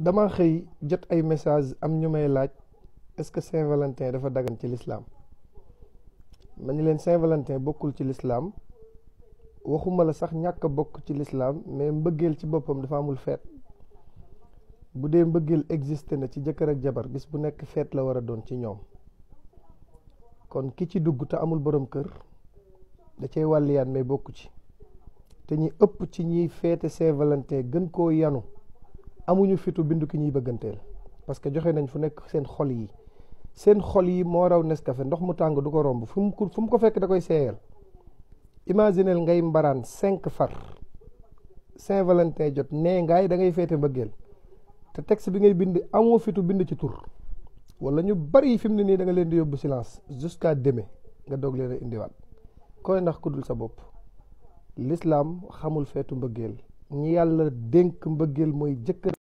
dama xëy jot ay message am ñu may laaj est-ce que Saint-Valentin dafa dagan ci lislaam ma ñu leen Saint-Valentin bokkul ci lislaam waxuma la sax ñàkk bokk ci lislaam mais mbëggeel ci boppam dafa amul feet bu dee mbëggeel existé na ci jëkkër ak jabar bis bu nekk feet la war a doon ci ñoom kon ki ci dugg te amul borom kër da cay wàlliyaan mais bokku ci te ñi ëpp ci ñiy feete Saint-Valentin gën koo yanu amuñu fitu bind ki ñuy bëgganteel parce que joxe nañ fu nekk seen xol yi seen xol yi moo raw Nescafé ndox mu tàng du ko romb fu mu fu mu ko fekk da koy seeyal imaginel ngay mbaraan cinq far Saint-Valentin jot nee ngaay da ngay feete mbëggeel te texte bi ngay bind amoo fitu bind ci tur wala ñu bari fi mu ne nii da nga leen di yóbbu silence jusqu'à demain nga doog leen a indiwaat koy ndax ku dul sa bopp l'islam xamul feetu mbëggeel ñi yàlla dénk mbëggeel mooy jëkkër